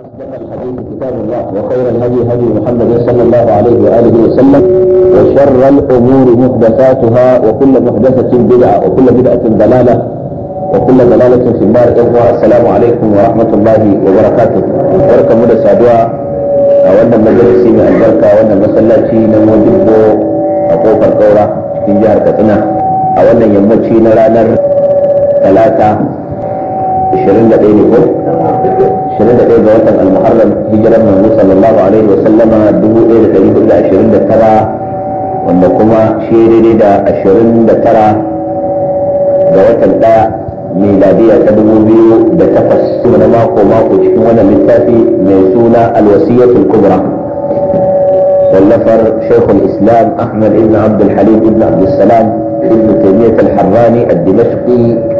أصدق الحديث كتاب الله وخير الهدي هدي محمد صلى الله عليه وآله وسلم وشر الأمور محدثاتها وكل محدثة بدعة وكل بدعة ضلالة وكل ضلالة في النار إخوة السلام عليكم ورحمة الله وبركاته بركة مدى سادوا أولا مجلسي من البركة أولا مسلاتي نموجب أقوف الكورة في جهر كتنا أولا يموتي نرانر ثلاثة شرين دقيني هو شرين دقيني بواتن المحرم هجرة من النبي صلى الله عليه وسلم دبو ايه تريد الى شرين دقرا وما كما شيري دا شرين دقرا بواتن دا ميلادية تدبو بيو بتفس سمنا ما قوما قوشكونا من تافي ميسونا الوسية الكبرى والنفر شيخ الاسلام احمد ابن عبد الحليم ابن عبد السلام ابن تيمية الحراني الدمشقي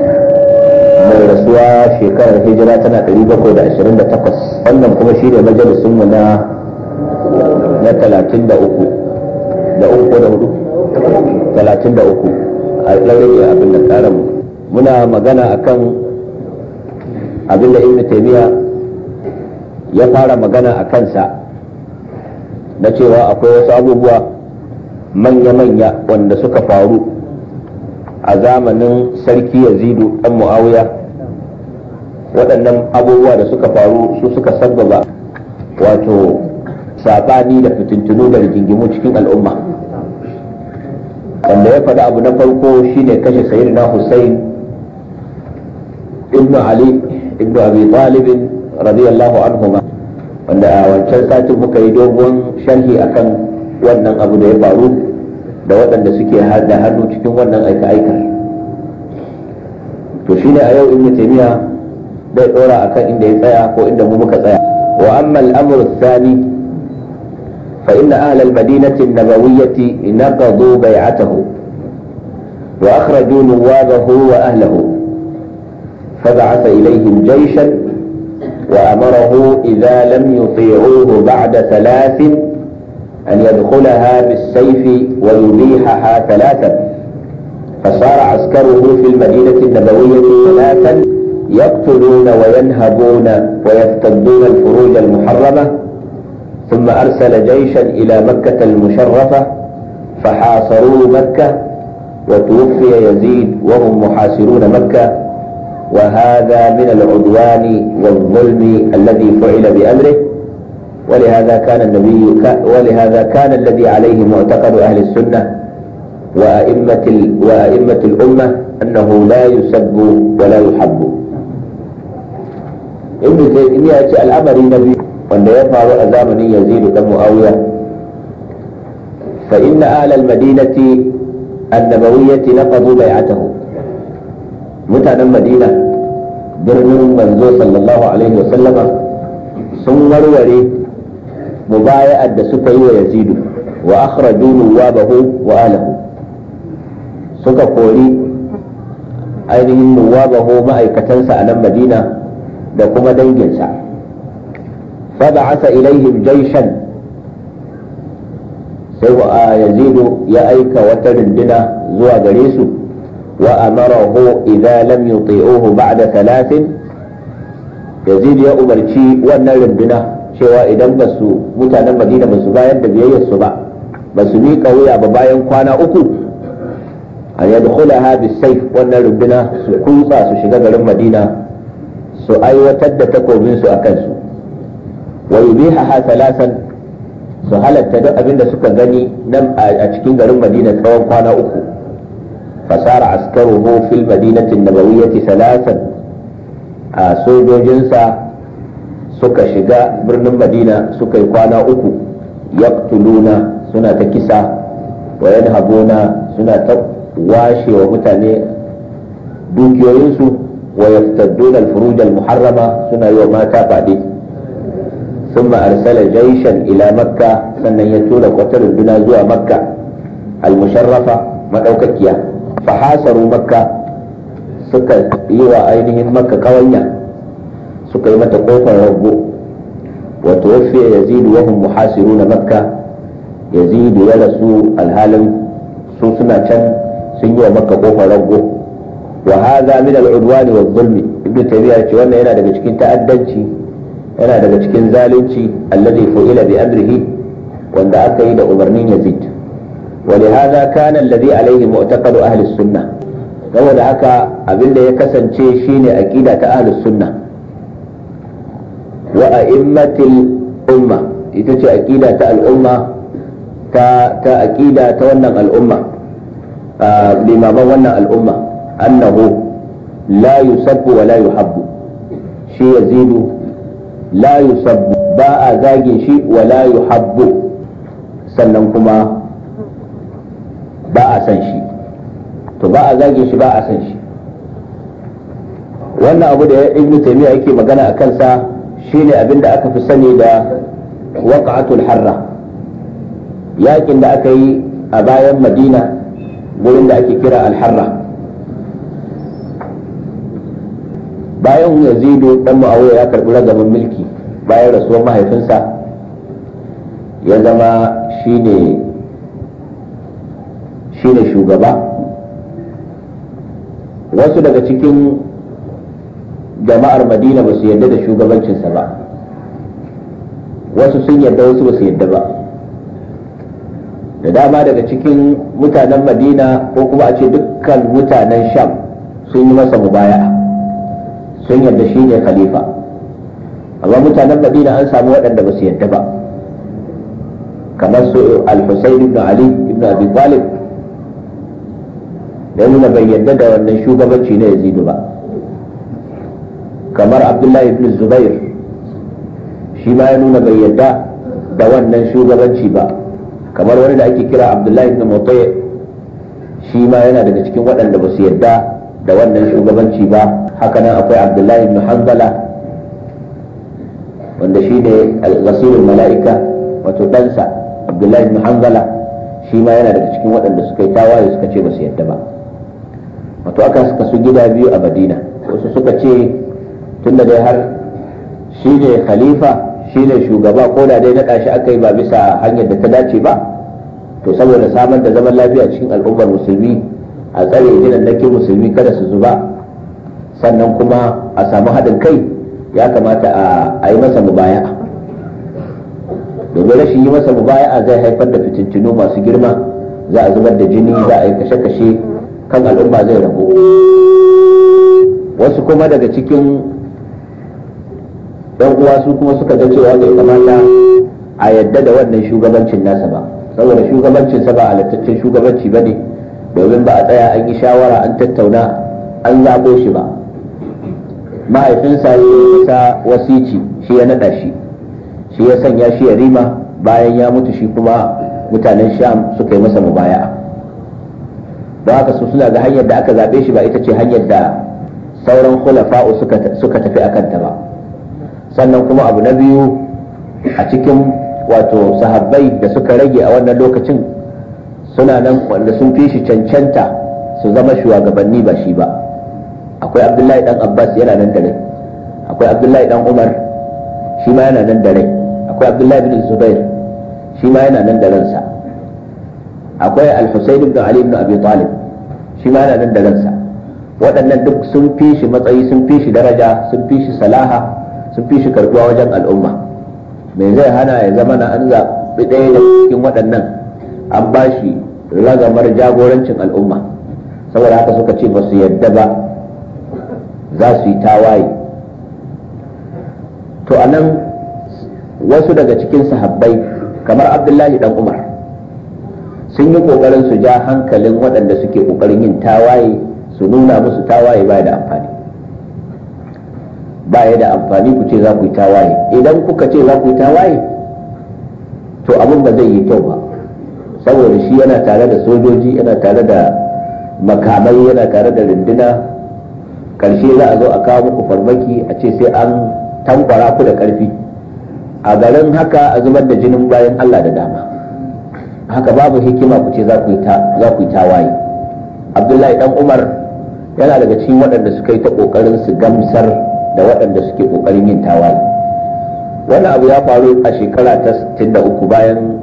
mai rasuwa shekarar hijira tana 728 wannan kuma shi ne majalisunmu na na 33 da uku da hudu 33 a ne abin da ƙaran muna magana akan abin da ibn taymiya ya fara magana a kansa na cewa akwai wasu abubuwa manya-manya wanda suka faru a zamanin sarki yazidu dan muawiya waɗannan abubuwa da suka faru su suka sabbaba wato saɓani da fitintunu da rigingimu cikin al'umma wanda ya faɗi abu na farko shine kashe sayyidina hussein ibnu ali ibnu abi talibin radiyallahu ma. wanda a wancan satin muka yi dogon sharhi akan wannan abu da ya faru da waɗanda suke da hannu cikin wannan aika-aikar to shi ne a yau ibnu bai ɗora a kan inda ya tsaya ko inda mu muka tsaya wa amma al-amr ath madinatin na inna ahla al-madinati an-nabawiyyah naqadu bay'atahu wa akhraju nuwabahu wa ahlihi فبعث إليهم جيشا وأمره إذا لم يطيعوه بعد ثلاث أن يدخلها بالسيف ويبيحها ثلاثا فصار عسكره في المدينة النبوية ثلاثا يقتلون وينهبون ويفتدون الفروج المحرمة ثم أرسل جيشا إلى مكة المشرفة فحاصروا مكة وتوفي يزيد وهم محاصرون مكة وهذا من العدوان والظلم الذي فعل بأمره ولهذا كان النبي ولهذا كان الذي عليه معتقد أهل السنة وأئمة وأئمة الأمة أنه لا يسب ولا يحب ابن تيمية الامري نبي وأن يفعل أزامن يزيد بن معاوية فإن أهل المدينة النبوية نقضوا بيعته متى المدينة birnin صلى الله عليه وسلم ثم warware mubaya'ar da suka yi wa yazidu wa akhraju nuwabahu wa alahu suka kori ainihin nuwabahu ma'aikatansa a nan madina da kuma danginsa faba'asa ilaihim jaishan sai wa yazidu ya aika wata runduna zuwa gare su wa amarahu idza lam yuti'uhu ba'da thalathin yazid ya umarci wannan runduna cewa idan ba su mutanen madina ba su bayar da biyayyar su ba ba su miƙa wuya ba bayan kwana uku a yadda kula ha bisai wannan rubina su kutsa su shiga garin madina su aiwatar da takobinsu a kansu wai biha ha su halatta duk abin da suka gani nan a cikin garin madina tsawon kwana uku fasara askaruhu fil madinatin nabawiyyati salasan a sojojinsa suka shiga birnin madina suka yi kwana uku ya suna ta kisa wa yan suna ta washe wa mutane dukiyoyinsu wa ya fitaddun suna yi wa mata fadi sun arsala jaishan ila makka sannan ya tura kwata runduna zuwa makka almusharrafa maɗaukakiya fa hasaru makka suka yi wa ainihin makka kawanya suka yi mata kofar rago wa tuwaffiya yazidu wa hum muhasiruna makka yazidu ya rasu alhalin su suna can sun yi wa makka kofar rago wa min al-udwan wa zulmi ibnu tabiya ce wannan yana daga cikin ta'addanci yana daga cikin zalunci alladhi fu'ila bi amrihi wanda aka yi da umarnin yazid ولهذا كان الذي عليه معتقد أهل السنة saboda haka abinda ya kasance shine aqida ta ahli sunna wa umma ita ce aqida ta al'umma ta ta aqida ta wannan al'umma limaman wannan al'umma annahu la yusabbu wa la yuhabbu shi yazidu la yusabbu ba a zagin shi wa la yuhabbu sannan kuma ba a san shi to ba a zagin shi ba a san shi wannan abu da ya ibnu taymiya yake magana a kansa shine abin da aka fi sani da waqa'atul harra yakin da aka yi a bayan madina gurin da ake kira al-harra bayan yazidu dan muawiya ya karbi ragaban mulki bayan rasuwar mahaifinsa ya zama shine shine shugaba wasu daga cikin jama'ar madina ba su yarda da shugabancinsa ba wasu sun yarda wasu ba su yarda ba da dama daga cikin mutanen madina ko kuma a ce dukkan mutanen sham sun yi masa mubaya sun yarda shi ne khalifa amma mutanen madina an samu waɗanda ba su yarda ba kamar su al-husayn ibn ali ibn abi talib da nuna bai yarda da wannan shugabanci na yazidu ba kamar abdullahi ibn zubair shi ma ya nuna bai yadda da wannan shugabanci ba kamar wani da ake kira abdullahi ibn mutaye shi ma yana daga cikin waɗanda ba su yadda da wannan shugabanci ba haka nan akwai abdullahi ibn hanzala wanda shi ne al-ghasirul mala'ika wato ɗansa abdullahi ibn hanzala shi ma yana daga cikin waɗanda suka yi tawaye suka ce ba su yadda ba wato aka suka su gida biyu a madina wasu suka ce tunda dai har shi ne khalifa shi ne shugaba ko da dai naɗa shi aka yi ba bisa hanyar da ta dace ba to saboda samar da zaman lafiya cikin al'ummar musulmi a tsare ke musulmi kada su zuba sannan kuma a samu haɗin kai ya kamata a yi masa mubaya domin rashin yi masa mubaya'a zai haifar da fitintinu masu girma za a zubar da jini za a yi kashe-kashe kan al'umma zai rabu wasu kuma daga cikin yan uwa su kuma suka ga cewa bai kamata a yadda da wannan shugabancin nasa ba saboda shugabancin sa ba halittaccen shugabanci ba ne domin ba a tsaya an yi shawara an tattauna an zaɓo shi ba mahaifinsa ya yi wasici shi ya naɗa shi shi ya sanya shi ya rima bayan ya mutu shi kuma mutanen sham suka yi masa mubaya don haka su suna ga hanyar da aka zaɓe shi ba ita ce hanyar da sauran khulafa'u suka tafi a kanta ba sannan kuma abu na biyu a cikin wato sahabbai da suka rage a wannan lokacin suna nan wanda sun fi shi cancanta su zama shugabanni ba shi ba akwai abdullahi dan abbas yana nan da rai akwai abdullahi dan umar shi ma yana nan da rai akwai abdullahi bin zubair shi ma yana nan da ransa akwai al-husayn ibn ali ibn abi talib shi ma yana nan da ransa waɗannan duk sun fi shi matsayi sun fi shi daraja sun fi shi salaha sun fi shi karbuwa wajen al'umma mai zai hana ya zama na an zaɓi ɗaya da cikin waɗannan an ba shi ragamar jagorancin al'umma saboda haka suka ce ba su yadda ba za su yi tawaye to a nan wasu daga cikin sahabbai kamar abdullahi Ɗan umar sun yi ƙoƙarin su ja hankalin waɗanda suke ƙoƙarin yin tawaye su nuna musu tawaye baya da amfani ba ya da amfani ku ce za ku yi tawaye idan kuka ce za ku yi tawaye to abin ba zai yi kyau ba saboda shi yana tare da sojoji yana tare da makamai yana tare da rinduna karshe za a zo a kawo muku farmaki a ce sai an tankwara ku da karfi a garin haka a zubar da jinin bayan Allah da dama haka babu hikima ku ce za ku yi tawaye abdullahi dan umar yana daga cikin waɗanda suka yi ta ƙoƙarin su gamsar da waɗanda suke ƙoƙarin yin tawali Wani abu ya faru a shekara ta 63 bayan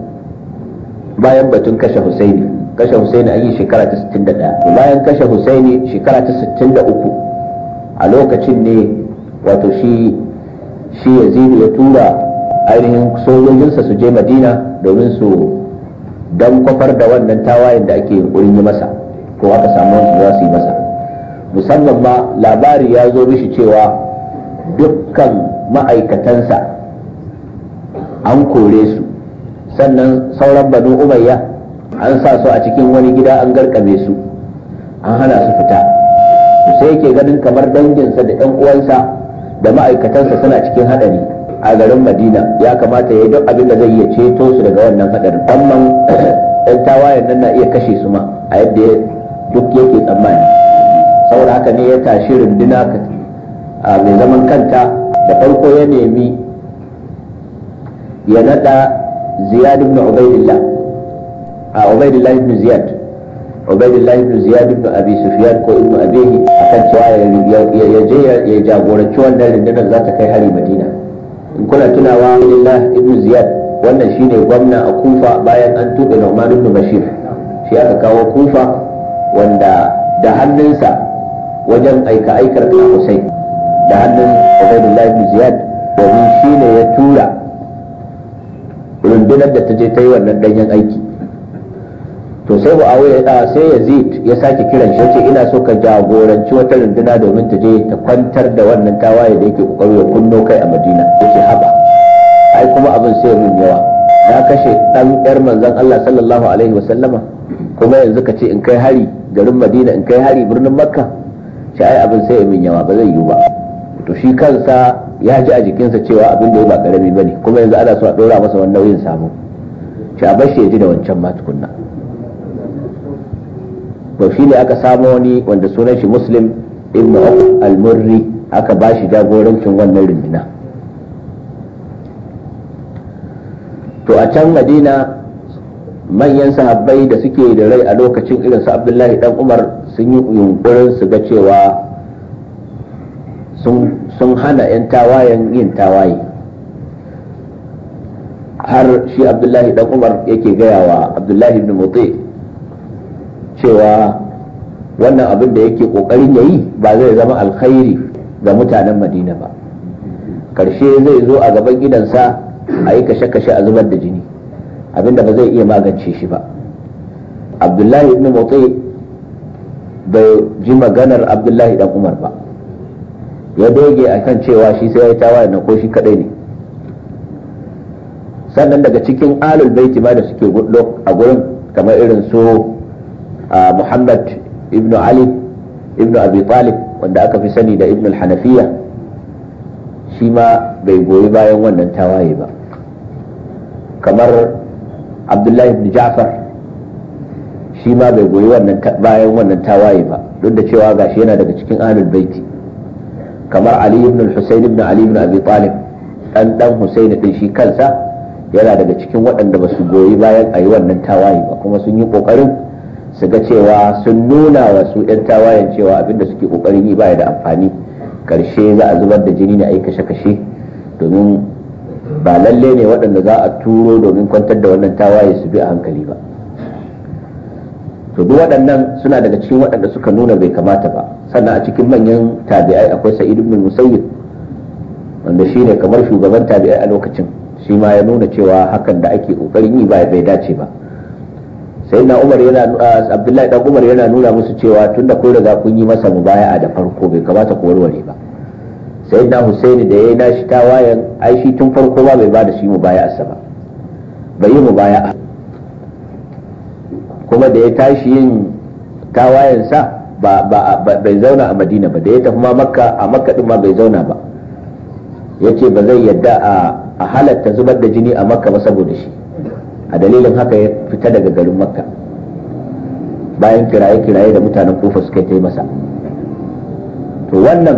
bayan batun kashe husaini kashe husaini an yi shekara ta 61 bayan kashe husaini shekara ta 63 a lokacin ne wato shi shi yazidu ya tura ainihin sojojinsa su je madina domin su don kwafar da wannan tawayen da ake yunkurin yi masa ko aka samu wasu za su yi masa musamman ma labari ya zo mishi cewa dukkan ma'aikatansa an kore su sannan sauran banu umayya an sa su a cikin wani gida an garkame su an hana su fita sai yake ganin kamar danginsa da 'yan uwansa da ma'aikatansa suna cikin haɗari a garin madina ya kamata ya yi duk abin da zai iya ceto su daga wannan haɗarin amman ɗan tawayen nan na iya kashe su ma a yadda duk yake tsammani saboda haka ne ya tashi runduna mai zaman kanta da farko ya nemi ya nada ziyad ibn ubaidillah a ubaidillah ibn ziyad ubaidillah ibn ziyad ibn abi sufyan ko ibn abihi akan cewa ya je ya jagoranci wannan rindunar za ta kai hari madina in kuna tunawa ubaidillah ibn ziyad wannan shine gwamna a kufa bayan an tuɓe nauman ibn bashir shi aka kawo kufa wanda da hannunsa wajen aika aikar na Hussein da hannun Ubaidullah ibn Ziyad domin shi ne ya tura rundunar da ta je ta yi wannan danyen aiki to sai ya da sai Yazid ya sake kiran shi ce ina so ka jagoranci wata runduna domin ta je ta kwantar da wannan tawaye da yake kokari ya kunno kai a Madina yace haba ai kuma abin sai mun yawa na kashe ɗan yar manzon Allah sallallahu alaihi wasallama kuma yanzu ka ce in kai hari garin Madina in kai hari birnin Makka sai ai abin sai mun yawa ba zai yiwu ba to shi kansa ya ji a jikinsa cewa abin da ya ba karami bane kuma yanzu ana so a dora masa wani nauyin samu a bashi ya ji da wancan ma tukunna to shi ne aka samo wani wanda sunan shi muslim ibn al-murri aka ba shi jagorancin wannan rundina to a can madina manyan sahabbai da suke da rai a lokacin irin su abdullahi dan umar sun yi yunkurin su ga cewa sun sun hana 'yan tawayen yin tawaye har shi abdullahi dan umar yake gaya wa abdullahi ibn mutse cewa wannan abin da yake kokarin yayi ba zai zama alkhairi ga mutanen madina ba karshe zai zo a gaban gidansa a yi kashe-kashe a zubar da jini abinda ba zai iya magance shi ba abdullahi ibn mutse bai ji maganar abdullahi dan umar ba ya doge kan cewa shi sai ya tawaye na ko shi kadai ne sannan daga cikin alul baiti ma da suke gudu a gurin kamar irin su muhammad ibnu ali ibn abi talib wanda aka fi sani da ibnu al-hanafiya shi ma bai goyi bayan wannan tawaye ba kamar abdullahi ibn ja'far shi ma bai goyi bayan wannan tawaye ba duk da cewa gashi yana daga cikin alul baiti kamar ali ibn al-husayn ibn ali ibn abi talib dan dan hussein din shi kansa yana daga cikin waɗanda ba su goyi bayan a yi wannan tawaye ba kuma sun yi ƙoƙarin su ga cewa sun nuna wa su 'yan tawayen cewa abinda suke ƙoƙarin yi baya da amfani ƙarshe za a zubar da jini ne a yi kashe-kashe domin ba lalle ne waɗanda za a turo domin kwantar da wannan tawaye su bi a hankali ba to duk waɗannan suna daga cikin waɗanda suka nuna bai kamata ba sannan a cikin manyan tabi'ai akwai sa'id ibn musayyib wanda shine kamar shugaban tabi'ai a lokacin shi ma ya nuna cewa hakan da ake kokarin yi ba bai dace ba sai na umar yana ah, abdullahi dan umar yana nuna musu cewa tunda kun riga kun yi masa mu mubaya'a da farko bai kamata ku warware ba sai na husaini da yayi nashi tawayan ai shi tun farko ba bai ba da shi mubaya'arsa ba bai yi mubaya'a kuma da ya tashi yin tawayensa ba bai zauna a madina ba da ya tafi ma makka a makka din ma bai zauna ba ya ce ba zai yadda a halatta zubar da jini a makka ba saboda shi a dalilin haka ya fita daga garin makka bayan kiraye-kiraye da mutanen kufa suka yi masa to wannan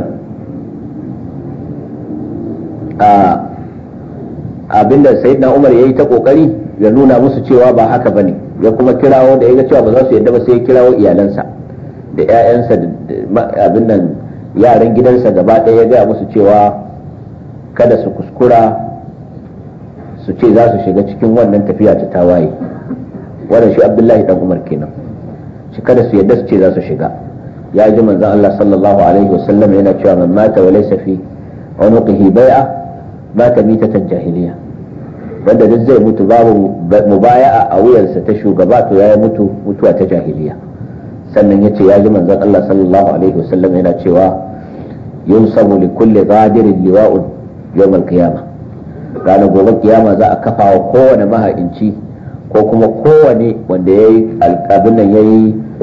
abinda sayyidina umar ya yi ta kokari ya nuna musu cewa ba haka ba ne ya kuma kirawo da ya ga cewa ba za su yadda ba sai ya kirawo iyalansa da 'ya'yansa abin nan yaran gidansa gaba ɗaya ya gaya musu cewa kada su kuskura su ce za su shiga cikin wannan tafiya ta tawaye wannan shi abdullahi dan umar kenan shi kada su yadda su ce za su shiga ya ji manzon Allah sallallahu alaihi wasallam yana cewa man mata wa laysa fi unuqihi bai'a mata mitatan jahiliya wanda duk zai mutu babu mubaya'a a wuyarsa ta shugaba to ya mutu mutuwa ta jahiliya sannan ya ce ya ji manzon Allah sallallahu alaihi wasallam yana cewa yunsabu li kulli ghadirin liwa'un yawm al-qiyama ranar gobe kiyama za a kafa wa kowane maha'inci ko kuma kowane wanda ya yi alƙabin nan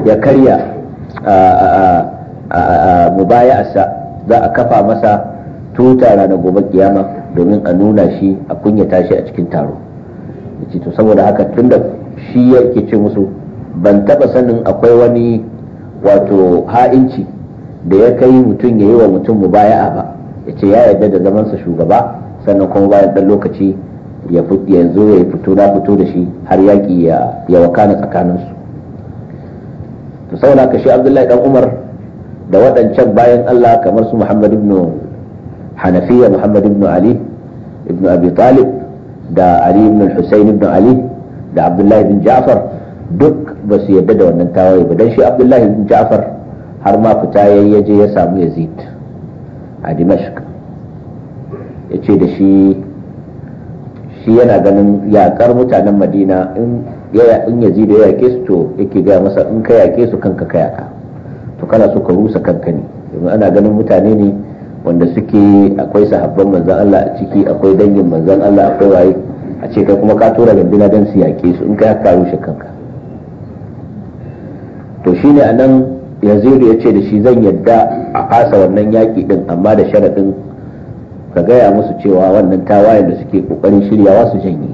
ya karya mubaya'arsa za a kafa masa tuta ranar gobe kiyama domin a nuna shi a kunyata shi a cikin taro to saboda haka tun da shi yake ce musu ban taba sanin akwai wani wato ha'inci da ya kai mutum ya yi wa mutum a ba yace ya yarda da zamansa shugaba sannan kuma bayan dan lokaci ya yanzu ya fito na fito da shi har yaƙi ya wakana tsakaninsu to saboda haka shi abdullahi dan umar da waɗancan bayan allah kamar su muhammad ibn hanafiya muhammad ibn ali ibn abi talib da ali ibn al-husayn ali da abdullahi bin ja'far duk ba su yadda da wannan tawaye ba shi abdullahi bin ja'far har ma fita yayi yaje ya samu yazid a dimashq yace da shi shi yana ganin yakar mutanen madina in yazid ya yake su to yake ga masa in ka yake su kanka ka yaka to kana so ka rusa kankani ne ana ganin mutane ne wanda suke akwai sahabban manzan Allah a ciki akwai dangin manzan Allah akwai waye a ce kai kuma ka tura gandina don su yake su in kai ka rushe kanka to shine anan yazidu ya ce da shi zan yadda a kasa wannan yaki din amma da sharaɗin ka gaya musu cewa wannan tawayen da suke ƙoƙarin shiryawa su janye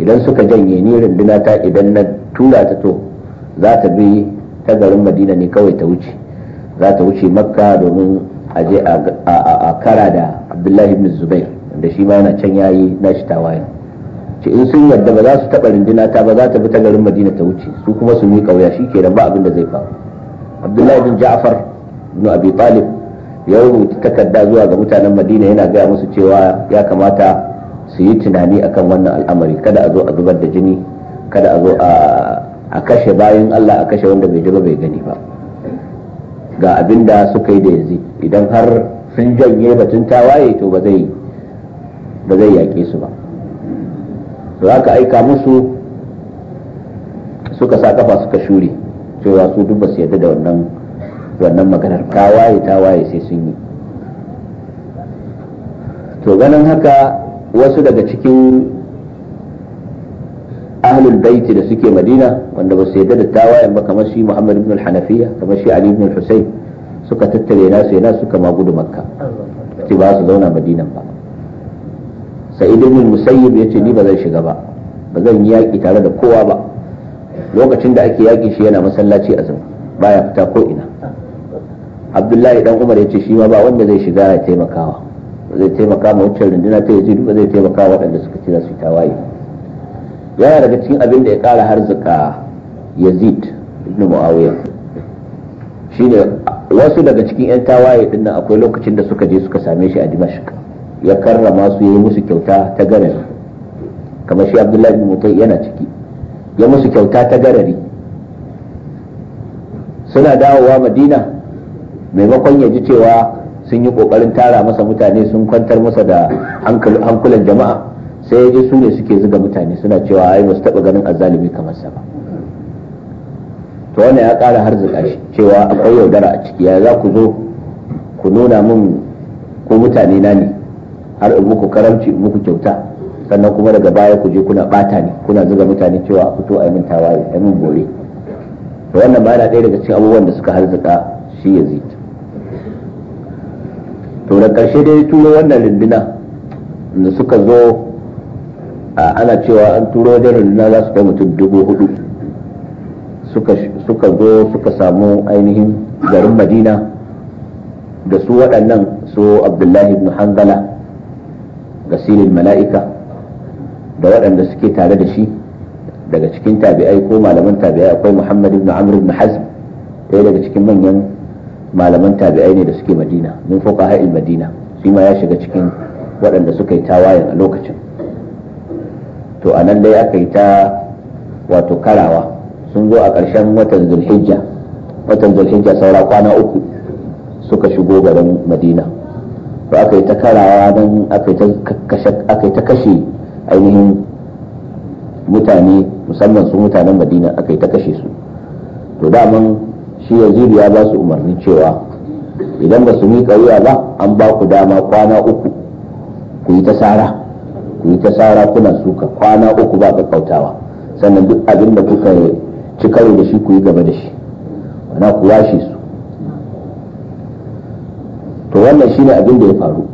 idan suka janye ni randuna ta idan na tura ta to za ta bi ta garin madina ne kawai ta wuce za ta wuce makka domin a a kara da abdullahi ibn zubair da shi ma yana can yayi na nashi tawayen ce in sun yarda ba za su taɓa rindina ta ba za ta bi ta garin madina ta wuce su kuma su miƙa wuya shi ke kenan ba abin da zai faru abdullahi bin ja'far ibn abi talib ya rubuta takarda zuwa ga mutanen madina yana gaya musu cewa ya kamata su yi tunani akan wannan al'amari kada a zo a zubar da jini kada a zo a kashe bayan allah a kashe wanda bai ji ba bai gani ba ga abin da suka yi da yanzu idan har sun janye batun tawaye to ba zai yaƙe su ba za ka aika musu suka sa kafa suka shure cewa su duk basu su yarda da wannan wannan maganar tawaye tawaye sai sun yi to ganin haka wasu daga cikin ahlul baiti da suke madina wanda ba su yadda da tawayen ba kamar shi muhammad ibn al-hanafiya kamar shi ali ibn al-husayn suka tattare nasu yana suka magudu makka ce ba su zauna madina ba sa'id ibn musayyib yace ni ba zan shiga ba ba zan yi yaki tare da kowa ba lokacin da ake yaki shi yana masallaci a baya fita ko ina abdullahi dan umar yace shi ma ba wanda zai shiga ya taimakawa zai taimaka ma wancan runduna ta yaji ba zai taimaka waɗanda suka ci za su tawaye yana daga cikin abin da ya kara harzuka yazid ibn muawiya ne wasu daga cikin 'yan tawaye din nan akwai lokacin da suka je suka same shi a dimashq ya karrama su yi musu kyauta ta garari kamar shi abdullahi bin mutai yana ciki ya musu kyauta ta garari suna dawowa madina maimakon ya ji cewa sun yi kokarin tara masa mutane sun kwantar masa da hankulan jama'a sai ya ji su ne suke zuga mutane suna cewa ai ba su taɓa ganin azzalimi kamar sa ba to wannan ya kara zuka shi cewa akwai yaudara a ciki ya za ku zo ku nuna min ko mutane na ne har in muku karamci muku kyauta sannan kuma daga baya ku je kuna bata ne kuna zuga mutane cewa a fito a min tawaye a min bore to wannan ba yana ɗaya daga cikin abubuwan da suka harzuka shi yazid to da karshe dai turo wannan rinduna da suka zo ana cewa an turo wajen na za su kai mutum dubu hudu suka zo suka samu ainihin garin madina da su waɗannan su abdullahi ibn ga silin mala'ika da waɗanda suke tare da shi daga cikin tabi'ai ko malaman tabi'ai akwai muhammad ibn amr ibn hazm ɗaya daga cikin manyan malaman tabi'ai ne da suke madina mun fuka ha'il madina shi ma ya shiga cikin waɗanda suka yi tawayen a lokacin to a nan dai aka yi ta wato karawa sun zo a ƙarshen watan zulhijja watan zulhijja saura kwana uku suka shigo garin madina to aka yi ta karawa don aka yi ta kashe ainihin mutane musamman su mutanen madina aka yi ta kashe su to daman shi yazidu ya ba su umarnin cewa idan ba su miƙa wuya ba an ba ku dama kwana uku ku yi ta sara ku yi ta sara kuna suka kwana uku ba ka kautawa sannan duk abin da kuka ci karo da shi ku yi gaba da shi wana ku washe su to wannan shine abin da ya faru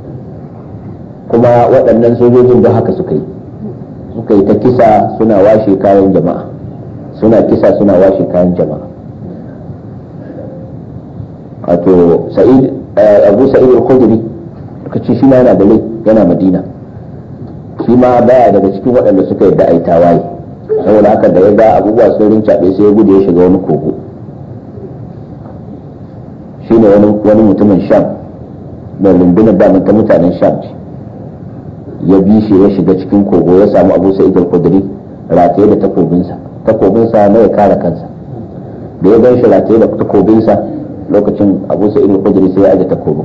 kuma waɗannan sojojin da haka suka yi suka yi ta kisa suna washe kayan jama'a suna kisa suna washe kayan jama'a wato sa'id eh, abu sa'id al-khudri kace shi yana da yana madina shi ma baya daga cikin waɗanda suka yadda ai tawaye saboda haka da ya ga abubuwa sun rincaɓe sai ya gudu ya shiga wani kogo shine wani wani mutumin sham mai lumbina damin ta mutanen sham ya bi shi ya shiga cikin kogo ya samu abu sai idan kudiri rataye da takobinsa takobinsa na ya kare kansa da ya ganshi rataye da takobinsa lokacin abu sai idan kudiri sai ya aje takobin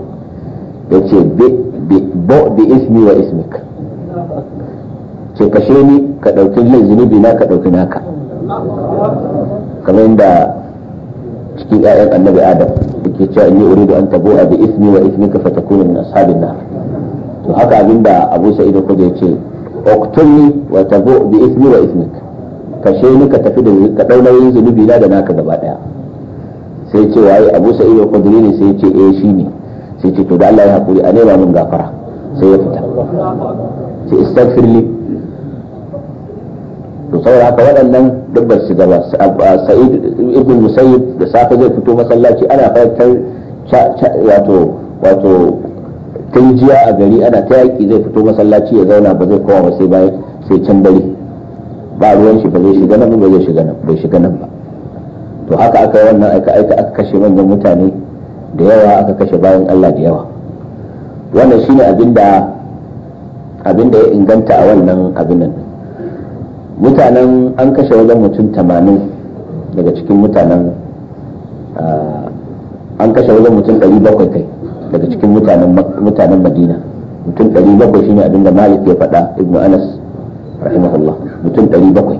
ya ce bi ismi wa ismika ce kashe ni ka ɗauki zai zunubi na ka ɗauki naka kamar yadda cikin 'ya'yan annabi adam ke cewa wuri da an tabo a bi ismi wa fata fatakuna na sabin na to haka abinda abu sa'id ko da ce uqtulni wa tabo bi ismi wa ismi kashe ni ka tafi da ka ɗau nauyin zunubi na da naka gaba ɗaya, sai ce waye abu sa'id ko ne sai ce eh shi ne, sai ce to da Allah ya haƙuri a nema mun gafara sai ya fita ce istaghfir ne to saboda haka waɗannan dubban su shiga ba sa'id ibn musayyib da safe zai fito masallaci ana fatar wato wato jiya a gari ana ta yaƙi zai fito masallaci ya zauna ba zai kowa ba sai bayan sai can dare ba ruwan shi ba zai shiga nan ba zai shiga nan bai shiga nan ba to haka aka yi wannan aika aika aka kashe manyan mutane da yawa aka kashe bayan Allah da yawa wannan shine abin da abin da ya inganta a wannan abin nan mutanen an kashe wajen mutum tamanin daga cikin mutanen an kashe wajen mutum ɗari bakwai kai daga cikin mutanen madina mutum ɗari bakwai shine abin da malik ya faɗa ibnu anas rahimahullah mutum ɗari bakwai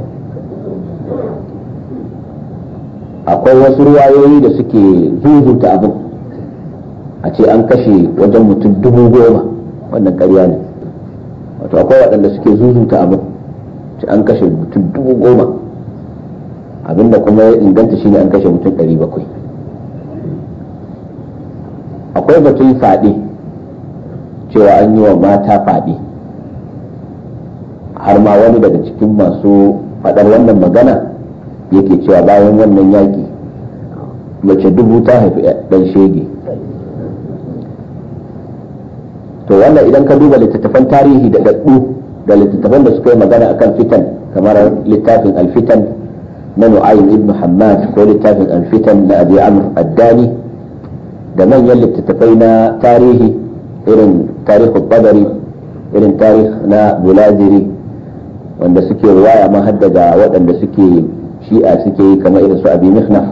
akwai wasu ruwayoyi da suke zuzuta abin a ce an kashe wajen mutum dubu goma wannan ƙarya ne wato akwai waɗanda suke zuzuta abin ci an kashe mutum dubu goma abinda kuma ya inganta shine an kashe mutum ɗari bakwai akwai batun faɗi cewa an yi wa mata faɗi har ma wani daga cikin masu faɗar wannan magana yake cewa bayan wannan yaƙi mace dubu ta haifi ɗan shege to wannan idan ka duba littattafan tarihi da daddu da littattafan da suka yi magana akan fitan kamar littafin alfitan na nu'aym ibn hammad ko littafin alfitan na abi amr addani da manyan littattafai na tarihi irin tarihi badari irin tarihi na buladiri wanda suke ruwaya ma haddaga waɗanda suke shi'a suke yi kamar irin su abi mihnaf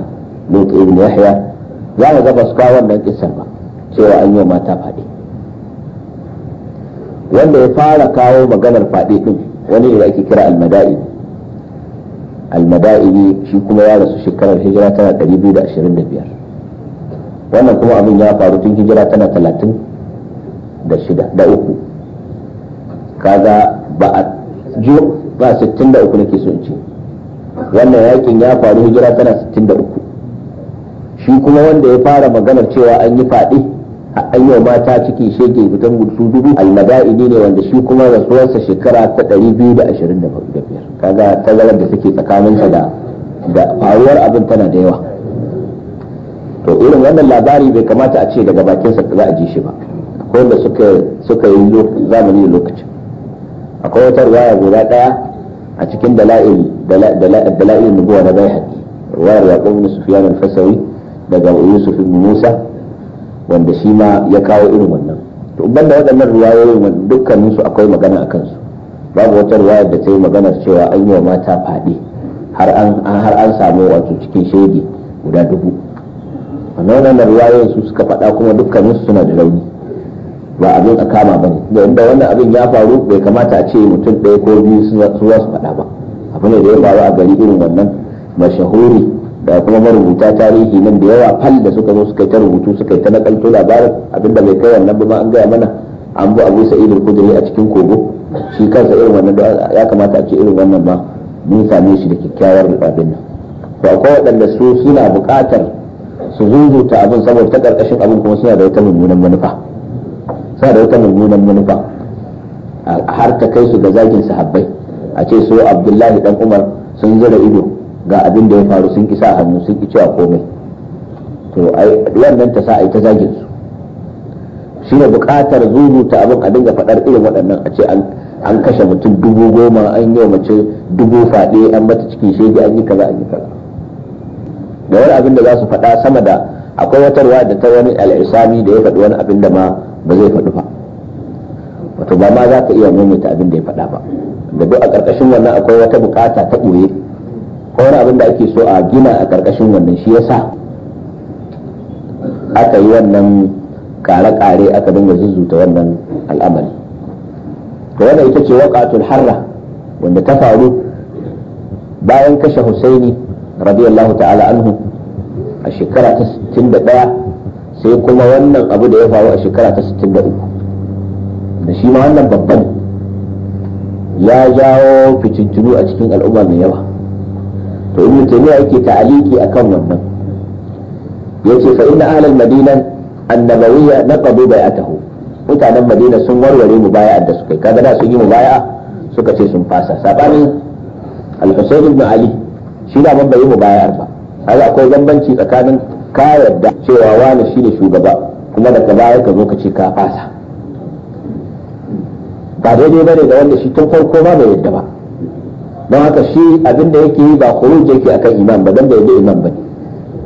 lut ibn yahya za ga ba su kawo wannan kissa ba cewa an yi mata faɗi wanda ya fara kawo maganar faɗi ɗin wani da ake kira almada'i almada'i shi kuma ya rasu shekarar hijira tana 225 wannan kuma abin ya faru tun hijira tana 30 da shida da uku kaga ba a jo ba 63 nake so in ce wannan yakin ya faru hijira tana 63 shi kuma wanda ya fara maganar cewa an yi faɗi ayyau yau mata ciki shege fitan gudu dubu almada'ini ne wanda shi kuma rasuwarsa shekara ta 225 kaga tazarar da suke tsakaninsa da da faruwar abin tana da yawa to irin wannan labari bai kamata a ce daga bakinsa za a ji shi ba akwai wanda suka suka yi zamani lokaci akwai wata ruwaya guda daya a cikin dala'il dala'il nubuwa na bai haƙi ruwayar yaƙon ibn sufyan al-fasawi daga yusuf ibn musa wanda shi ma ya kawo irin wannan to ban da waɗannan ruwayoyin dukkanin su akwai magana a kansu babu wata ruwayar da ta yi maganar cewa an yi wa mata faɗi har an samu wato cikin shege guda dubu wannan wannan ruwayoyin su suka faɗa kuma dukkanin su suna da rauni ba abin a kama ba ne da inda wannan abin ya faru bai kamata a ce mutum ɗaya ko biyu su za su faɗa ba abu ne da ya faru a gari irin wannan mashahuri da kuma marubuta tarihi nan da yawa fal da suka zo suka ta rubutu suka ta nakalto labarin abin da bai kai wannan ba an gaya mana an bu abu sa'id al-kudri a cikin kogo shi kansa irin wannan ya kamata a ce irin wannan ma mun same shi da kyakkyawar abin nan to akwai waɗanda su suna buƙatar su zunzuta abin saboda ta ƙarƙashin abin kuma suna da wata mummunan manufa suna da wata mummunan manufa har ta kai su ga zagin sahabbai a ce su abdullahi dan umar sun zira ido ga abin da ya faru sun kisa hannu sun ki cewa komai to ai wannan ta sa ai ta zagin su shi ne bukatar zuzuta abin a dinga faɗar irin waɗannan a ce an kashe mutum dubu goma an yi mace dubu faɗe an mata cikin shege an yi kaza an yi kaza da wani abin da za su faɗa sama da akwai wata ruwa da ta wani al'isami da ya faɗi wani abin da ma ba zai faɗi ba wato ba ma za ka iya maimaita abin da ya faɗa ba da duk a ƙarƙashin wannan akwai wata bukata ta ɓoye akwai wani abin da ake so a gina a ƙarƙashin wannan shi yasa aka yi wannan kare-kare aka dinga zuzuta wannan al'amari to wannan ita ce waƙatul harra wanda ta faru bayan kashe husaini radiyallahu ta'ala anhu a shekara ta 61 sai kuma wannan abu da ya faru a shekara ta 63 da shi ma wannan babban ya jawo fitintunu a cikin al'umma mai yawa to ibn taymiya yake ta'aliki kan wannan yace fa inna ahlal madina annabawiyya a taho mutanen madina sun warware mubaya'ar da suka yi kaga da sun yi mubaya'a suka ce sun fasa sabanin al-husayn shi da ban bai mubaya'ar ba kaga akwai bambanci tsakanin ka yarda cewa wani shi ne shugaba kuma daga baya ka zo ka ce ka fasa ba daidai ne ga wanda shi tun farko ma bai yarda ba don haka shi abin da yake yi ba khuruj yake akan imam ba dan da yadda imam ba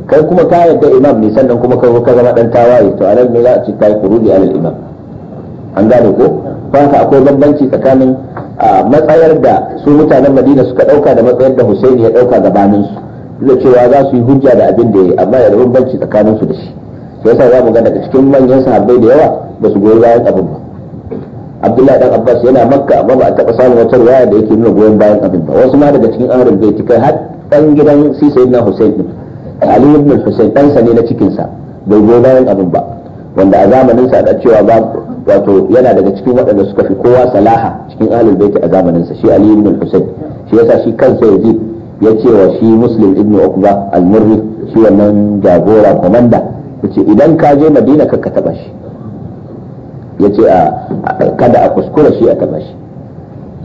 kai kuma ka yadda imam ne sannan kuma kai ka zama dan tawaye to anan ne za a ci kai khuruji alal imam an gane ko ba ka akwai bambanci tsakanin matsayar da su mutanen Madina suka dauka da matsayar da Husaini ya dauka gabanin su da cewa za su yi hujja da abin da yayi amma ya da bambanci tsakaninsu su da shi yasa za mu ga daga cikin manyan sahabbai da yawa ba su goyi bayan abin ba abdullahi dan abbas yana makka amma ba a taba samun wata riwaya da yake nuna goyon bayan abin ba wasu ma daga cikin amarin bai kai har dan gidan si sayyidina hussein din ali ibn dan sa ne na cikin sa bai goyon bayan abin ba wanda a zamanin sa da cewa ba wato yana daga cikin waɗanda suka fi kowa salaha cikin ahlul baiti a zamanin sa shi ali ibn husayn shi yasa shi kansa yaji ya ce wa shi muslim ibn ukba al-murri shi wannan jagora komanda yace idan ka je madina ka ka taba shi ya ce a kada a kuskura shi a taba shi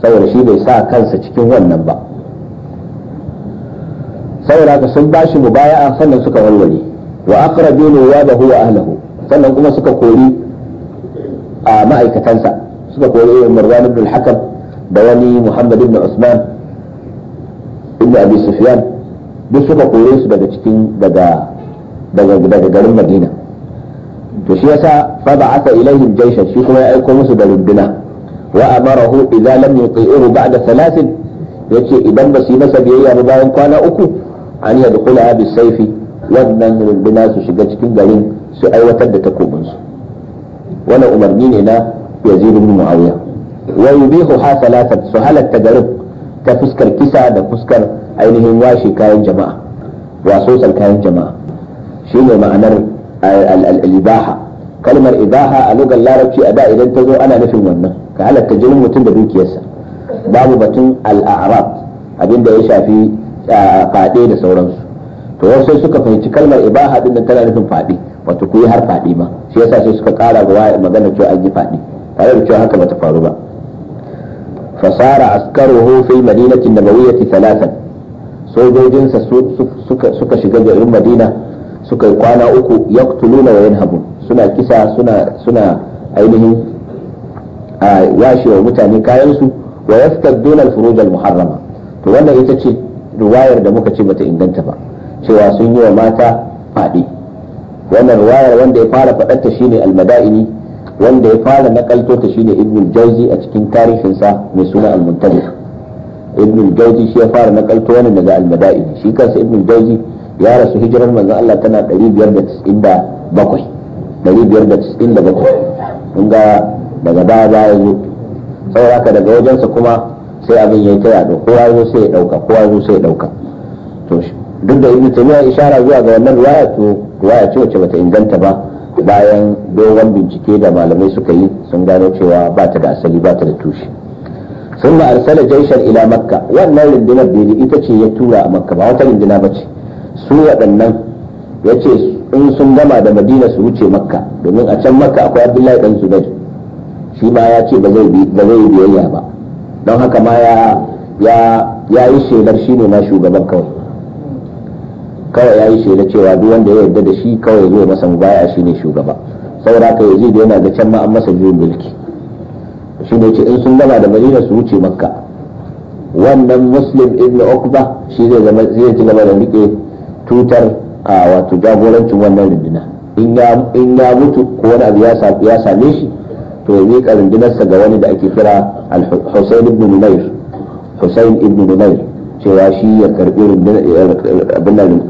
saboda shi bai sa kansa cikin wannan ba saboda haka sun ba shi mubaya'a sannan suka warware wa aqrabu nuwabahu wa ahlihi sannan kuma suka kori a ma'aikatansa suka kori Marwan ibn al-Hakam da wani Muhammad ibn Usman ibn Abi Sufyan duk suka kore su daga cikin daga daga garin Madina to shi yasa fa ba'atha ilaihim jaysha shi kuma ya aiko musu da runduna wa amarahu idza lam yuti'uhu ba'da thalathin yace idan ba su yi masa biyayya ba bayan kwana uku an yadkhula bi sayfi wannan runduna su shiga cikin garin su aiwatar da takobin su wannan umarni ne na Yazid ibn Muawiya wa yubihu ha thalathat su halatta garin ta fuskar kisa da fuskar ainihin washe kayan jama'a waso kayan jama'a shine ma'anar ibaha kalmar ibaha a lugar larabci a da idan ta zo ana nufin wannan ka halatta jinin mutum da dukiyarsa babu batun al'arab arab abinda ya shafi fade da sauransu to wasu suka fahimci kalmar ibaha din da tana nufin faɗe wato ku yi har fade ma shi yasa sai suka kara ga magana cewa an yi fade tare da cewa haka bata faru ba فصار عسكره في المدينة النبوية sojojinsa suka shiga garin madina. suka yi kwana uku yaqtuluna wa yanhabun suna kisa suna suna ainihin a wa mutane kayansu. wa yaftaduna al-furuj muharrama to wannan ita ce riwayar da muka ce bata inganta ba cewa sun yi wa mata fadi wannan riwayar wanda ya fara faɗarta shine al wanda ya fara nakalto ta shine ibn jauzi a cikin tarihinsa mai suna al-muntabir ibn shi ya fara nakalto wannan daga al-madaini shi kansa ibn jauzi ya rasu hijirar manzon Allah tana 597 597 kun ga daga baya baya zo saboda daga wajensa kuma sai abin ya yi ta yado kowa zo sai ya dauka kowa zo sai ya dauka to duk da ibnu taymiya ishara zuwa ga wannan ruwa ya riwaya ce wacce bata inganta ba bayan dogon bincike da malamai suka yi sun gano cewa ba ta da asali ba ta da tushe sun ma arsala jaishan ila makka wannan rundunar da ita ce ya tura a makka ba wata runduna ba ce su waɗannan ya ce in sun gama da madina su wuce makka domin a can makka akwai abdullahi ɗan zubair shi ma ya ce ba zai yi biyayya ba don haka ma ya yi shelar shi ne ma shugaban kawai kawai ya yi shelar cewa duk wanda ya yarda da shi kawai zai masa mubaya shi ne shugaba saboda ka da yana ga can ma an masa juyin mulki shi ne ce in sun gama da madina su wuce makka wannan muslim ibn ukba shi zai zama zai ci gaba da rike tutar a wato jagorancin wannan runduna in ya mutu ko wani abu ya same shi to ya miƙa rundunarsa ga wani da ake kira Hussein ibn Numair Hussein ibn cewa shi ya karbi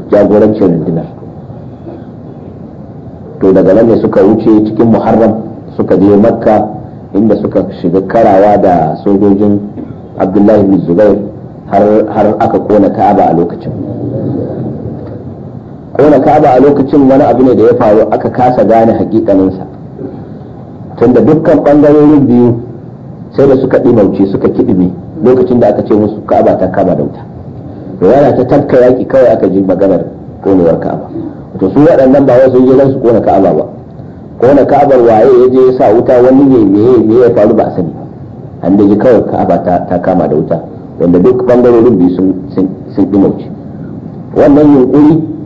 jagorancin rundunar to daga nan ne suka wuce cikin Muharram suka je Makka inda suka shiga karawa da sojojin Abdullahi bin Zubair har aka kona Ka'aba a lokacin kona ka'aba a lokacin wani abu ne da ya faru aka kasa gane hakikaninsa tunda dukkan bangarorin biyu sai da suka ɗimauce suka kiɗime lokacin da aka ce musu ka'aba ta kama da wuta to yana ta tafka yaƙi kawai aka ji maganar konewar ka'aba wato su waɗannan ba wasu je su kona ka'aba ba kona ka'abar waye ya je ya sa wuta wani ne meye meye ya faru ba a sani an da ji kawai ka'aba ta kama da wuta wanda duk bangarorin biyu sun ɗimauce wannan yunƙuri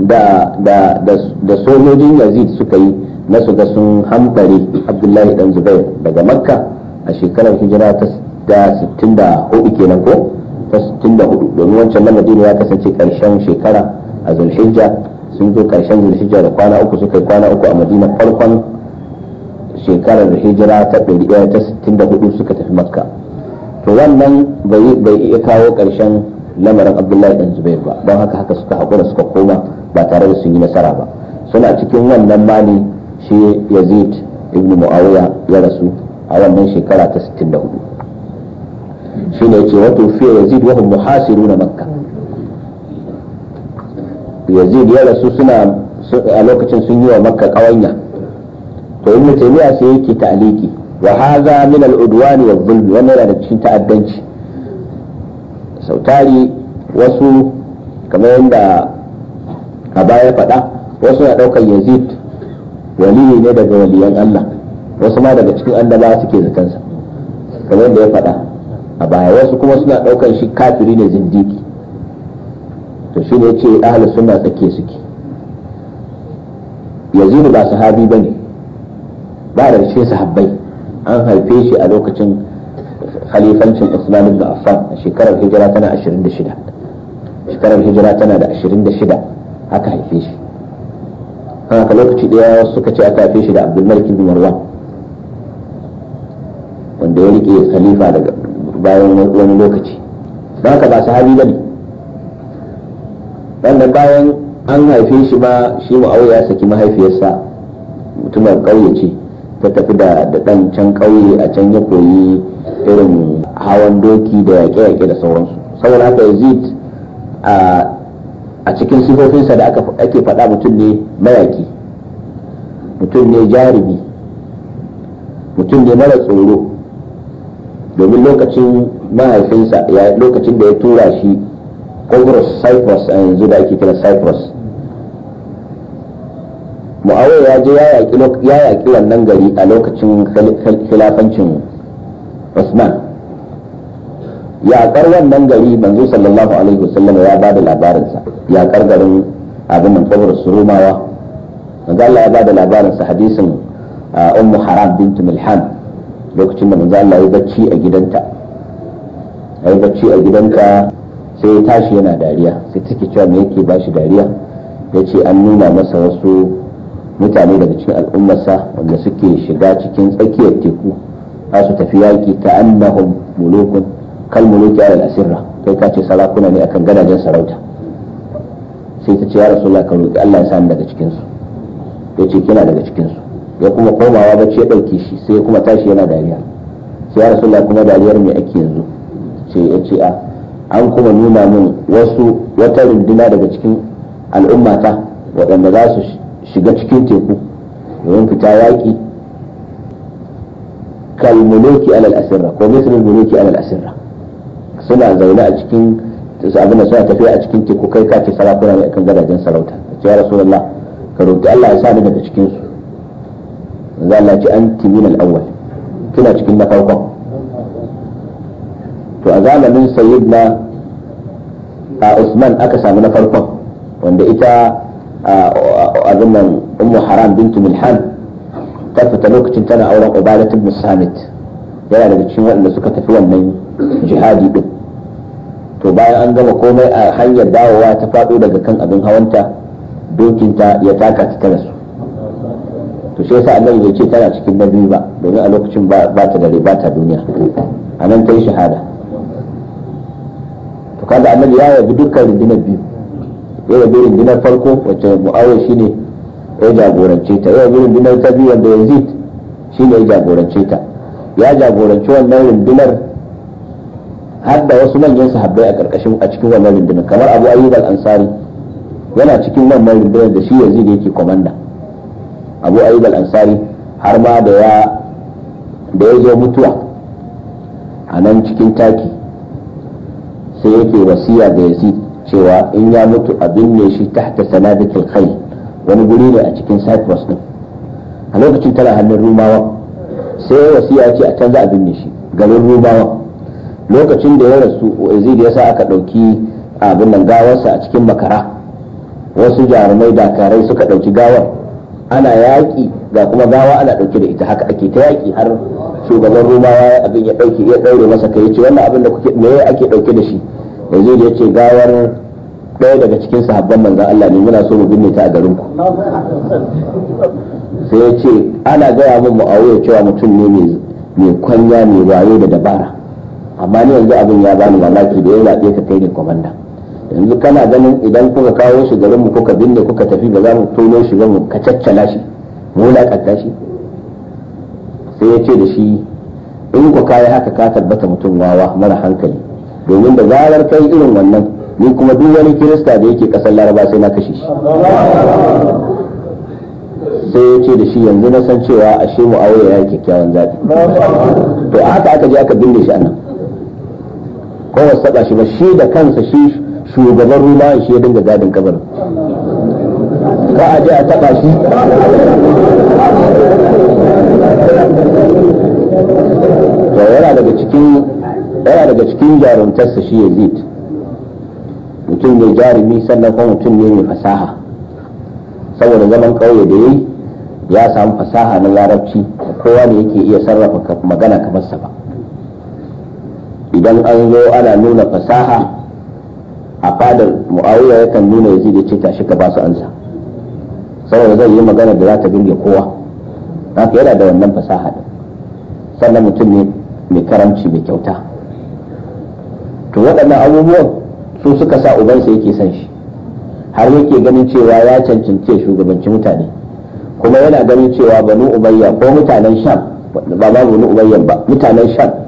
da sojojin yazid suka yi na su ga sun hambare abdullahi dan zubair daga makka a shekarar hijira ta da 64 kenan ko ta 64 domin wancan na madina ya kasance karshen shekara a zulhijja sun zo karshen zulhijja da kwana uku suka yi kwana uku a madina farkon shekarar hijira ta 64 eh, suka tafi makka to wannan bai iya kawo karshen lamarin abdullahi dan zubair ba don haka haka suka haƙura suka koma ba tare da sun yi nasara ba suna cikin wannan mali shi yazid ibn muawiya ya rasu a wannan shekara ta 64 shine ce wato fiye yazid wa muhasiru na makka yazid ya rasu suna a lokacin sun yi wa makka kawanya to ibn taymiya sai yake ta'liki wa hadha min al-udwan wa dhulm wannan yana da cikin ta'addanci sautari wasu kamar yadda a baya faɗa wasu na ɗaukar yazid waliyi ne daga waliyan Allah wasu ma daga cikin annaba suke zatansa kamar da ya faɗa a baya wasu kuma suna ɗaukar shi kafiri ne zindiki to shi ne ce ahalus suna tsakiya suke yazid ba sahabi bane ba da cikin sahabbai an haife shi a lokacin khalifancin Usman ibn Affan a shekarar hijira tana 26 shekarar hijira tana da 26 aka haife shi haka lokaci daya suka ce aka haife shi da abdulmalik bin marwan wanda ya rike khalifa daga bayan wani lokaci don haka ba sahabi ba ne wanda bayan an haife shi ba shi mu'awiya ya saki mahaifiyarsa mutumar ƙauye ce ta tafi da ɗan can ƙauye a can ya koyi irin hawan doki da yaƙe-yaƙe da sauransu saboda haka yazid a a cikin sifofinsa da ake faɗa mutum ne mayaki mutum ne jarumi mutum ne mara tsoro domin lokacin mahaifinsa lokacin da ya tura shi congress cyprus a yanzu da ake kira cyprus mu'awar ya je ya yaƙi wannan gari a lokacin khilafancin usman yaƙar wannan gari manzo sallallahu alaihi wasallam ya da labarinsa yaƙar garin abin nan kabar surumawa manzo Allah ya bada labarinsa hadisin ummu haram bint milhan lokacin da manzo Allah ya bacci a gidanta bacci a gidanka sai ya tashi yana dariya sai take cewa me yake bashi dariya yace an nuna masa wasu mutane daga cikin al'ummarsa wanda suke shiga cikin tsakiyar teku za su tafi yaƙi ta annahum mulukun kalmuluki alal asirra kai ka ce sarakuna ne akan gadajen sarauta sai ta ce ya rasulullah ka roki Allah ya sani daga cikin su ya ce kina daga cikin su ya kuma komawa bacci ya dauke shi sai kuma tashi yana dariya sai ya rasulullah kuma dariyar me ake yanzu ce ya ce a an kuma nuna min wasu wata runduna daga cikin al'ummata waɗanda za su shiga cikin teku domin fita yaƙi kalmuluki alal asirra ko mislul muluki alal asirra suna zaune a cikin abin da suna tafiya a cikin teku kai ka ce sarakuna ne akan gadajen sarauta ce ya rasulullah ka roki Allah ya sa ni daga cikin su manzo Allah an timin al-awwal kina cikin na farkon to a zamanin sayyidna a Usman aka samu na farkon wanda ita abin nan ummu haram bintu milhan ta fita lokacin tana auren ubadat ibn samit yana daga cikin waɗanda suka tafi wannan jihadi din to bayan an gama komai a hanyar dawowa ta faɗo daga kan abin hawanta dokinta ya taka ta tara su to shi yasa annabi bai ce tana cikin na biyu ba domin a lokacin ba ta dare ba ta duniya a nan ta yi shahada to kada annabi ya yabi dukkan rundunar biyu ya yabi rundunar farko wacce shi shine ya jagorance ta ya yabi rundunar ta biyu wanda yazid shine ya jagorance ta ya jagoranci wannan rundunar har da wasu manyan sahabbai a karkashin a cikin wannan rundunar kamar abu ayyub al-ansari yana cikin wannan rundunar da shi yazid yake komanda abu ayyub al-ansari har ma da ya da ya zo mutuwa a nan cikin taki sai yake wasiya ga yazid cewa in ya mutu a binne shi tahta sanadikil khayl wani guri ne a cikin cyprus din a lokacin tana hannun rumawa sai wasiya ce a canza a binne shi garin rumawa lokacin da ya rasu Yazid ya sa aka ɗauki abin nan gawarsa a cikin makara wasu jarumai dakarai suka ɗauki gawar ana yaƙi ga kuma gawa ana ɗauke da ita haka ake ta yaƙi har shugaban rumawa abin ya ɗauke ya ɗaure masa kai yace wannan abin da kuke me ake ɗauke da shi Yazid ya ce gawar ɗaya daga cikin sahabban manzan Allah ne muna so mu binne ta a garin ku sai ya ce ana gaya min mu'awiya cewa mutum ne mai kwanya mai wayo da dabara amma ni yanzu abin ya bani mamaki da ya zaɓe ka kai ne komanda yanzu kana ganin idan kuka kawo shi garin mu kuka binne kuka tafi ba za mu tono shi ba mu ka shi mu wulaƙanta shi sai ya ce da shi in ku kai haka ka tabbata mutum wawa mara hankali domin da zarar kai irin wannan ni kuma duk wani kirista da yake kasar laraba sai na kashe shi sai ya ce da shi yanzu na san cewa ashe mu aure ya yi kyakkyawan zaɓi to a haka aka je aka binne shi a nan ko saka shi ba shi da kansa shi shugaban rumawan shi ya dinga gadin kabarin ka a je a taba shi to yana daga cikin yana daga cikin jarumtarsa shi yazid mutum ne jarumi sannan kuma mutum ne mai fasaha saboda zaman ƙauye da yayi ya samu fasaha na larabci kowa ne yake iya sarrafa magana kamar sa ba idan an zo ana nuna fasaha a fadar mu'awiya yakan nuna ya da ce tashi ka ba su ansa saboda zai yi magana da za ta birge kowa haka yana da wannan fasaha din sannan mutum ne mai karamci mai kyauta to waɗannan abubuwan su suka sa ubansa yake son shi har yake ganin cewa ya cancance shugabanci mutane kuma yana ganin cewa banu ubayya ko mutanen sham ba ma banu ubayya ba mutanen sham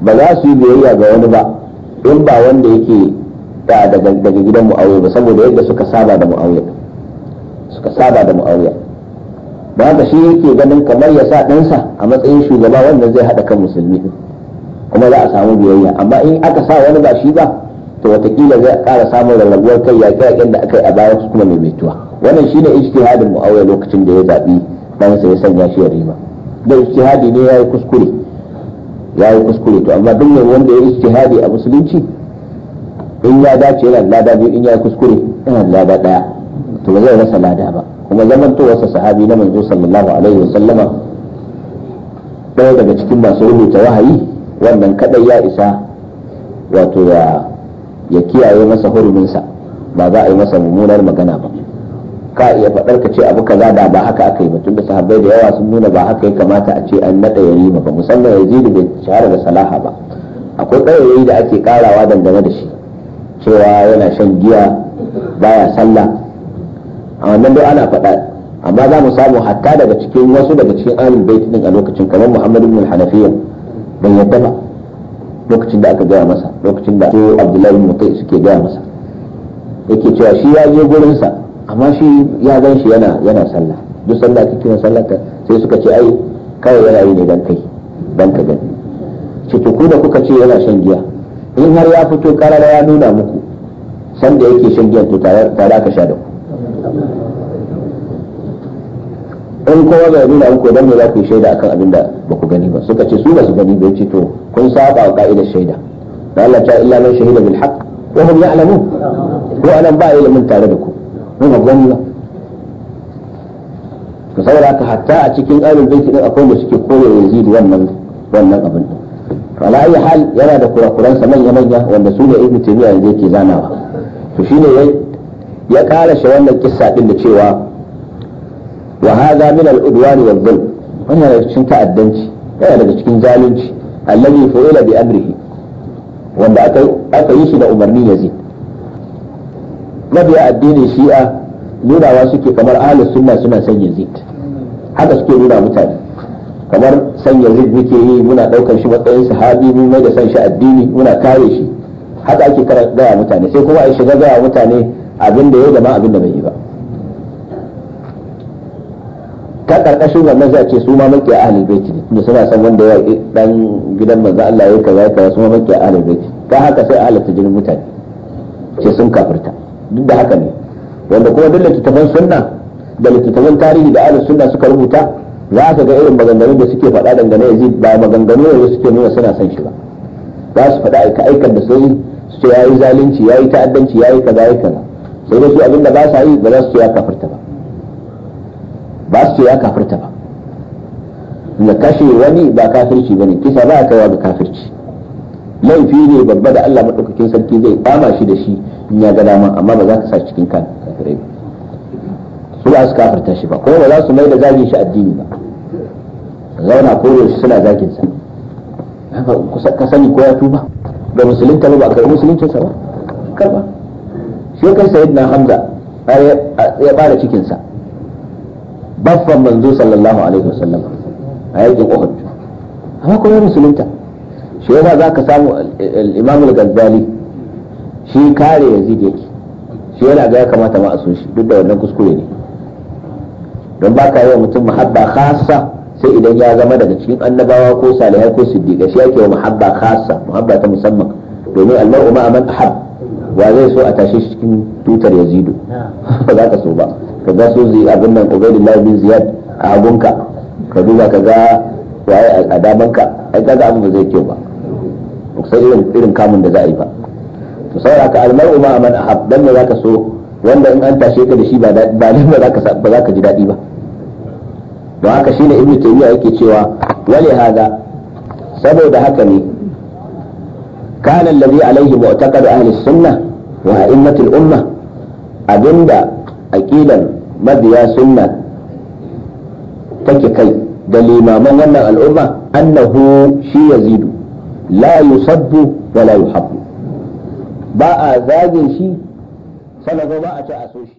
ba za su yi biyayya ga wani ba in ba wanda yake daga daga gidan mu'awiya ba saboda yadda suka saba da mu'awiya suka saba da mu'awiya ba haka shi yake ganin kamar ya sa ɗansa a matsayin shugaba wanda zai haɗa kan musulmi kuma za a samu biyayya amma in aka sa wani ba shi ba to watakila zai ƙara samun rarrabuwar kai yaƙe-yaƙen da aka yi a baya kuma mai maituwa wannan shi ne ijtihadin mu'awiya lokacin da ya zaɓi ɗansa ya sanya shi ya rima da ijtihadi ne ya yi kuskure ya yi kuskure to amma duk wanda ya ijtihadi a musulunci in ya dace yana da lada biyu in ya yi kuskure yana da lada daya to ba zai rasa lada ba kuma zamantowarsa sahabi na manzo sallallahu alaihi wasallama ɗaya daga cikin masu rubuta wahayi wannan kadai ya isa wato ya kiyaye masa huruminsa ba za a yi masa mummunar magana ba ka iya faɗar ka ce abu kaza da ba haka aka yi mutum da sahabbai da yawa sun nuna ba haka ya kamata a ce an naɗa yarima ba musamman ya yazidu bai shahara da salaha ba akwai ɗayayi da ake karawa dangane da shi cewa yana shan giya baya sallah a wannan dai ana faɗa amma za mu samu hatta daga cikin wasu daga cikin ahlul bai din a lokacin kamar Muhammad ibn al bai yadda ba lokacin da aka gaya masa lokacin da su Abdullahi ibn Mutai suke gaya masa yake cewa shi ya je gurinsa. amma shi ya gan shi yana yana sallah duk sallah ake kiran sallah ta sai suka ce ai kawai yana yi ne dan kai dan ka gani ce to da kuka ce yana shan giya in har ya fito karara ya nuna muku sanda yake shan giya to tare aka sha da ku in kowa bai nuna muku dan ne za ku yi shaida akan abin da ba ku gani ba suka ce su ba su gani bai ce to kun saba wa ka'idar shaida da Allah ta illa man shahida bil haqq wa hum ya'lamun ko anan ba ilimin tare da ku ko ba gani ba ka saboda ka hatta a cikin ahlul bait din akwai da suke kore yazid wannan wannan abin to ala ayi hal yana da kurakuran sa manya manya wanda su ne ibnu taymiya yanzu yake zanawa to shine ya kara shi wannan kissa din da cewa wa hadha min al-udwan wal dhulm wannan daga cikin ta'addanci yana daga cikin zalunci alladhi fu'ila bi amrihi wanda aka aka yi shi da umarnin yazid mabiya addinin shi'a nunawa suke kamar ahli sunna suna sanya zid haka suke nuna mutane kamar sanya zid muke yi muna daukar shi matsayin sahabi mu mai da san shi addini muna kare shi haka ake gaya mutane sai kuma a shiga gaya mutane abin da ya da ma abin da bai yi ba ta karkashin wannan sai ce su ma maki ahli bait ne tunda suna son wanda ya dan gidan manzo Allah ya kaza kaza su ma maki ahli bait ta haka sai ahli tajrin mutane ce sun kafirta duk da haka ne wanda kuma duk littattafan sunna da littattafan tarihi da ahlus sunna suka rubuta za ka ga irin maganganun da suke faɗa dangane da Yazid ba maganganu ne suke nuna suna son shi ba za su faɗa aika aikan da sai su ce yayi zalunci yayi ta'addanci yayi kaza yayi kaza sai dai su abin da ba sa yi ba za su ce ya kafirta ba ba su ce ya kafirta ba da kashe wani ba kafirci bane kisa ba a kaiwa ga kafirci laifi ne babba da Allah madaukakin sarki zai kama shi da shi in ya ga dama amma ba za ka sa cikin kan kafirai ba su ba su kafirta shi ba ko ba za su mai da zagin shi addini ba zauna ko da suna zagin sa haka ka sani ko ya tuba da musulunta ba kai musuluncin sa ba karba shi kai sayyidina hamza ya bara cikin sa baffan manzo sallallahu alaihi wasallam a yakin uhud amma ko ya musulunta shi za ka samu al al-ghazali shi kare yazid yake shi yana ga ya kamata ma a so shi duk da wannan kuskure ne don ba ka yi wa mutum mahabba khassa sai idan ya zama daga cikin annabawa ko salihai ko siddiqa shi yake wa mahabba khassa mahabba ta musamman domin almar'u ma aman ahab wa zai so a tashe shi cikin tutar yazidu ba za ka so ba ka ga so zai abin nan ubaidillahi bin ziyad a hagunka ka duba ka ga waye a damanka ai kaga abin ba zai kyau ba ba sai irin irin kamun da za a yi ba to saboda haka almar'u ma man ahab dan ne zaka so wanda in an tashe ka da shi ba ba ne ba zaka ba zaka ji dadi ba don haka shine ibnu taymiya yake cewa wali hada saboda haka ne kana alladhi alayhi mu'taqad ahli sunnah wa a'immatul umma abinda aqilan mabiya sunna take kai da limaman wannan al'umma annahu shi yazidu layu yusaddu wa la yuhabbu ba a zage shi sannan ba a ci asoshi.